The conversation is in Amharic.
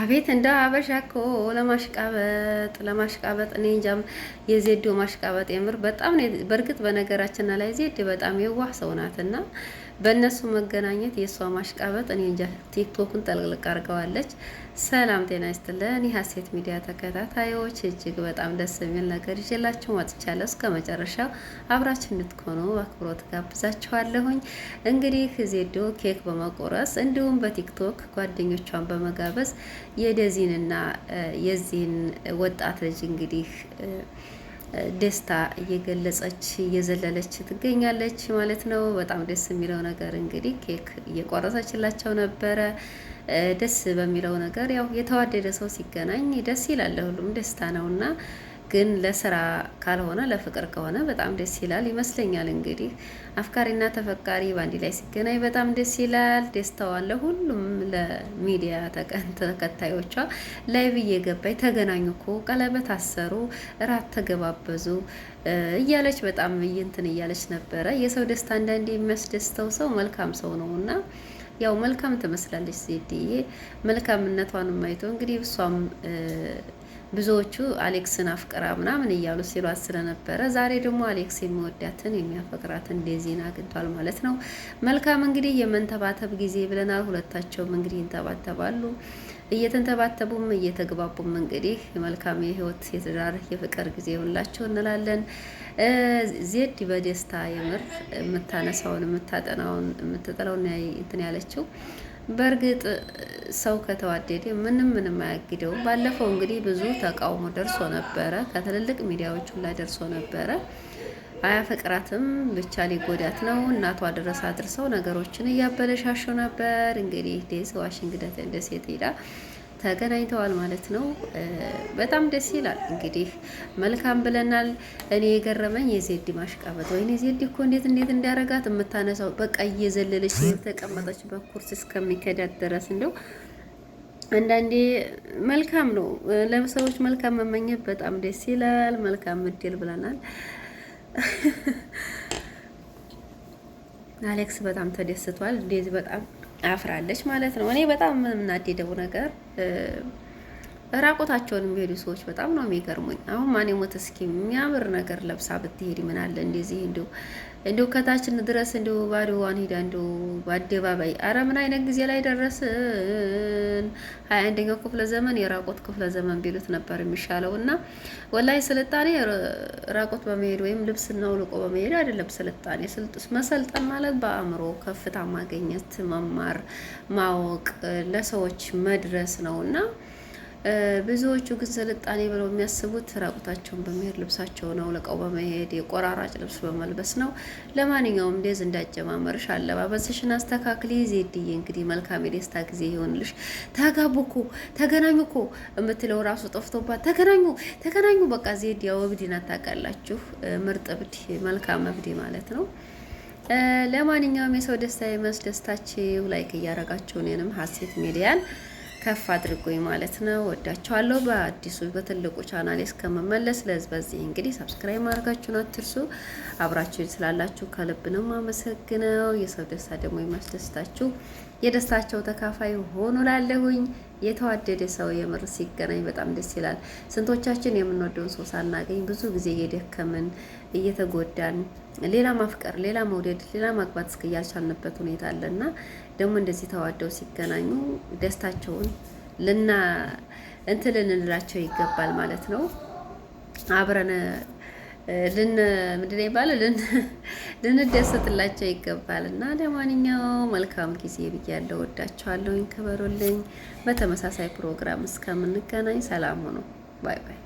አቤት እንደ አበሻ እኮ ለማሽቃበጥ ለማሽቃበጥ፣ እኔ እንጃም የዜዶ ማሽቃበጥ የምር በጣም በእርግጥ በነገራችን ላይ ዜድ በጣም የዋህ ሰው ናትና በእነሱ መገናኘት የእሷ ማሽቃበጥ እኔ እንጃ ቲክቶክን ጠልቅልቅ አድርገዋለች። ሰላም ጤና ይስጥልን። የሀሴት ሚዲያ ተከታታዮች እጅግ በጣም ደስ የሚል ነገር ይዤላችሁ መጥቻለሁ። እስከ መጨረሻው አብራችሁ እንድትሆኑ በአክብሮት ጋብዛችኋለሁኝ። እንግዲህ ዜዶ ኬክ በመቆረስ እንዲሁም በቲክቶክ ጓደኞቿን በመጋበዝ የደዚህንና የዚህን ወጣት ልጅ እንግዲህ ደስታ እየገለጸች እየዘለለች ትገኛለች ማለት ነው። በጣም ደስ የሚለው ነገር እንግዲህ ኬክ እየቆረሰችላቸው ነበረ። ደስ በሚለው ነገር ያው የተዋደደ ሰው ሲገናኝ ደስ ይላል። ለሁሉም ደስታ ነውና ግን ለስራ ካልሆነ ለፍቅር ከሆነ በጣም ደስ ይላል ይመስለኛል። እንግዲህ አፍቃሪና ተፈቃሪ በአንድ ላይ ሲገናኝ በጣም ደስ ይላል። ደስታዋን ለሁሉም ለሚዲያ ተከታዮቿ ላይቭ እየገባች ተገናኙ እኮ ቀለበት አሰሩ፣ እራት ተገባበዙ እያለች በጣም እይንትን እያለች ነበረ። የሰው ደስታ አንዳንዴ የሚያስደስተው ሰው መልካም ሰው ነው እና ያው መልካም ትመስላለች ሴትዬ። መልካምነቷን አይቶ እንግዲህ እሷም ብዙዎቹ አሌክስን አፍቅራ ምናምን እያሉ ሲሏት ስለነበረ ዛሬ ደግሞ አሌክስ የሚወዳትን የሚያፈቅራትን ዴዚን አግኝቷል ማለት ነው። መልካም እንግዲህ የመንተባተብ ጊዜ ብለናል። ሁለታቸውም እንግዲህ ይንተባተባሉ። እየተንተባተቡም እየተግባቡም እንግዲህ መልካም የህይወት የትዳር የፍቅር ጊዜ ሁላችሁ እንላለን። ዜድ በደስታ የምር የምታነሳውን የምታጠናውን የምትጥለውን እንትን ያለችው በእርግጥ ሰው ከተዋደደ ምንም ምንም አያግደው። ባለፈው እንግዲህ ብዙ ተቃውሞ ደርሶ ነበረ፣ ከትልልቅ ሚዲያዎች ሁላ ደርሶ ነበረ። አያፈቅራትም ብቻ ሊጎዳት ነው እናቷ ድረስ አድርሰው ነገሮችን እያበለሻሹ ነበር። እንግዲህ ደስ ዋሽንግተን ደሴት ሄዳ ተገናኝተዋል ማለት ነው። በጣም ደስ ይላል። እንግዲህ መልካም ብለናል። እኔ የገረመኝ የዜድ ማሽቃበት፣ ወይኔ ዜድ እኮ እንዴት እንዴት እንዳረጋት የምታነሳው በቃ እየዘለለች የተቀመጠች በኩርስ እስከሚከዳት ድረስ እንደው አንዳንዴ መልካም ነው ለሰዎች መልካም መመኘት በጣም ደስ ይላል። መልካም እድል ብለናል። አሌክስ በጣም ተደስቷል። ዴዚ በጣም አፍራለች ማለት ነው። እኔ በጣም የምናደደው ነገር ራቆታቸውን የሚሄዱ ሰዎች በጣም ነው የሚገርሙኝ። አሁን ማን የሞት እስኪ የሚያምር ነገር ለብሳ ብትሄድ ምን አለ? እንደዚህ እንዲሁ እንዲሁ ከታችን ድረስ እንዲሁ ባዶዋን ሄዳ እንዲሁ በአደባባይ አረ ምን አይነት ጊዜ ላይ ደረስን? ሀያ አንደኛው ክፍለ ዘመን የራቆት ክፍለ ዘመን ቢሉት ነበር የሚሻለው። እና ወላይ ስልጣኔ ራቆት በመሄድ ወይም ልብስና ውልቆ በመሄድ አይደለም ስልጣኔ። መሰልጠን ማለት በአእምሮ ከፍታ ማገኘት መማር፣ ማወቅ፣ ለሰዎች መድረስ ነው እና ብዙዎቹ ግን ስልጣኔ ብለው የሚያስቡት ራቁታቸውን በመሄድ ልብሳቸውን አውልቀው በመሄድ የቆራራጭ ልብስ በመልበስ ነው። ለማንኛውም ዴዝ እንዳጀማመርሽ አለባበስሽን አስተካክል። ዜድዬ እንግዲህ መልካም የደስታ ጊዜ ይሆንልሽ። ተጋቡ እኮ ተገናኙ እኮ የምትለው ራሱ ጠፍቶባት ተገናኙ ተገናኙ በቃ ዜድ ያው እብድን አታውቃላችሁ። ምርጥ እብድ፣ መልካም እብድ ማለት ነው። ለማንኛውም የሰው ደስታ የሚያስደስታችሁ ላይክ እያረጋችሁ እኔንም ሀሴት ሚዲያን ከፍ አድርጎኝ ማለት ነው። ወዳችኋለሁ። በአዲሱ በትልቁ ቻናል እስከመመለስ ለዚህ በዚህ እንግዲህ ሰብስክራይብ ማድረጋችሁን አትርሱ። አብራችሁ ስላላችሁ ከልብ ነው ማመሰግነው። የሰው ደስታ ደግሞ የሚያስደስታችሁ የደስታቸው ተካፋይ ሆኑ ላለሁኝ የተዋደደ ሰው የምር ሲገናኝ በጣም ደስ ይላል። ስንቶቻችን የምንወደውን ሰው ሳናገኝ ብዙ ጊዜ እየደከምን እየተጎዳን ሌላ ማፍቀር፣ ሌላ መውደድ፣ ሌላ ማግባት እስክያልቻልንበት ሁኔታ አለ እና ደግሞ እንደዚህ ተዋደው ሲገናኙ ደስታቸውን ልና እንትን ልንላቸው ይገባል ማለት ነው አብረን ልን ምንድን ይባላል ልንደሰትላቸው ይገባል። እና ለማንኛውም መልካም ጊዜ ብያለሁ። ወዳችኋለሁ። ክበሩልኝ። በተመሳሳይ ፕሮግራም እስከምንገናኝ ሰላም ሁኑ። ባይ ባይ